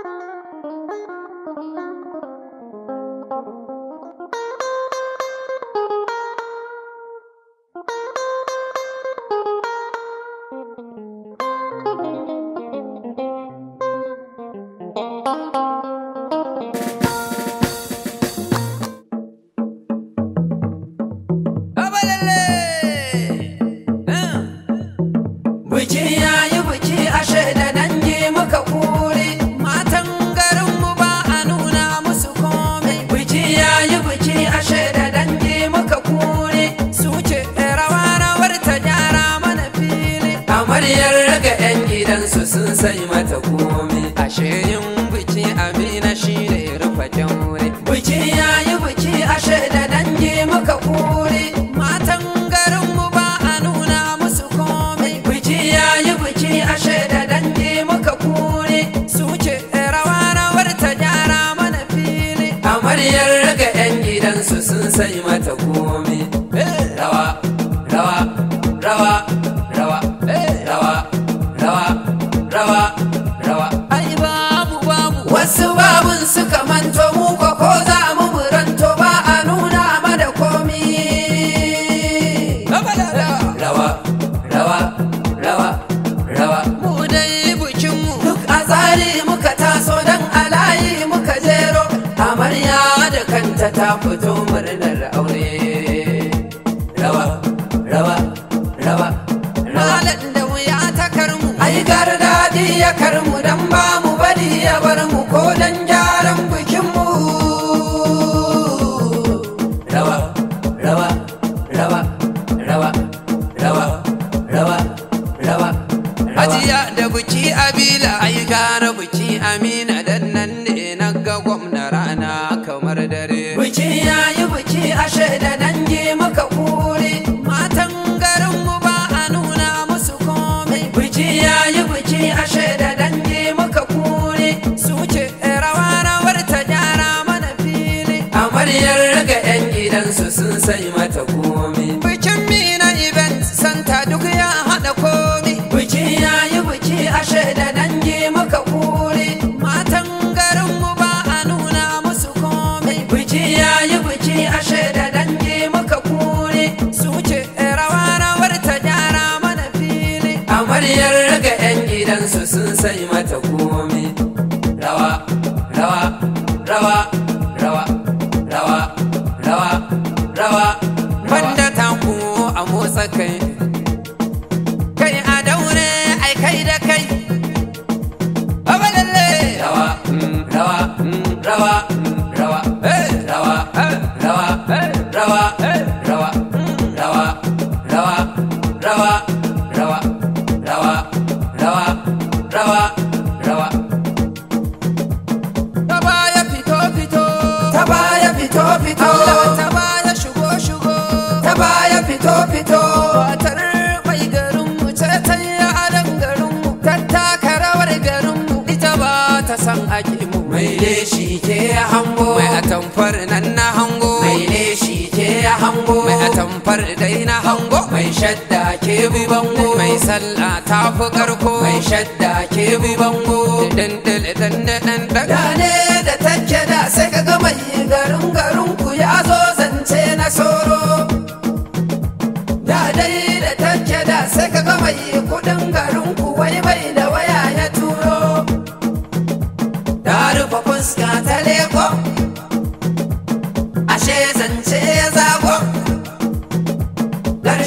Thank you. su sun sai mata komi. ashe yin biki amina shi ne rufa daure biki yi biki ashe da dangi muka kure matan garin mu ba a nuna musu komi biki yi biki ashe da dangi muka kure su ce rawa rawar ta gyara mana fili amaryar riga yan gidansu sun sai mata komi. masu babun suka manto mu ko ko za mu buranto ba a nuna mada da komi rawa rawa rawa rawa mu dai bikin mu duk a tsari muka taso dan alayi muka jero amarya da kanta ta fito murnar aure rawa rawa rawa rawa da wuya ta karmu ai gardaɗi ya karmu dan ba mu Hajiya da buki abila ai gara buki amina dan nan ne na ga gwamna rana kamar dare. Buki yi buki ashe da na gidansu sun sai mata komi rawa rawa rawa rawa rawa rawa rawa banda tanku a motsa kai ta san akimu mai leshi ke hango mai atamfar nan na hango mai leshi ke hango mai atamfar dai na hango mai shadda ke bi bango mai sallah ta fi karko mai shadda ke bi bango dandal dandal da ne da take da sai ka ga mai garin garin ku ya zo zance na soro da dai da take da sai ka ga mai kudin garin ku wai bai da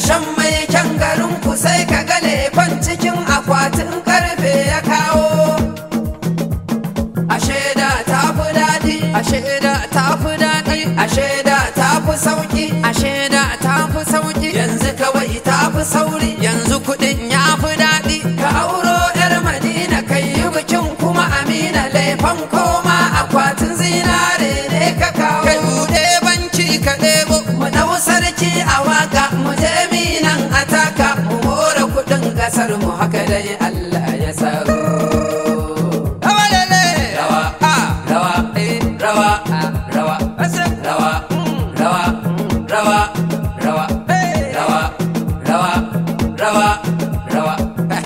shan mai kyan garin ku sai ka ga fan cikin akwatin karfe ya kawo ashe da ta fi daɗi ashe da ta fi daɗi ashe da ta fi sauki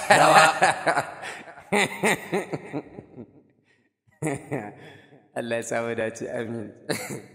Allah ya samu dace amin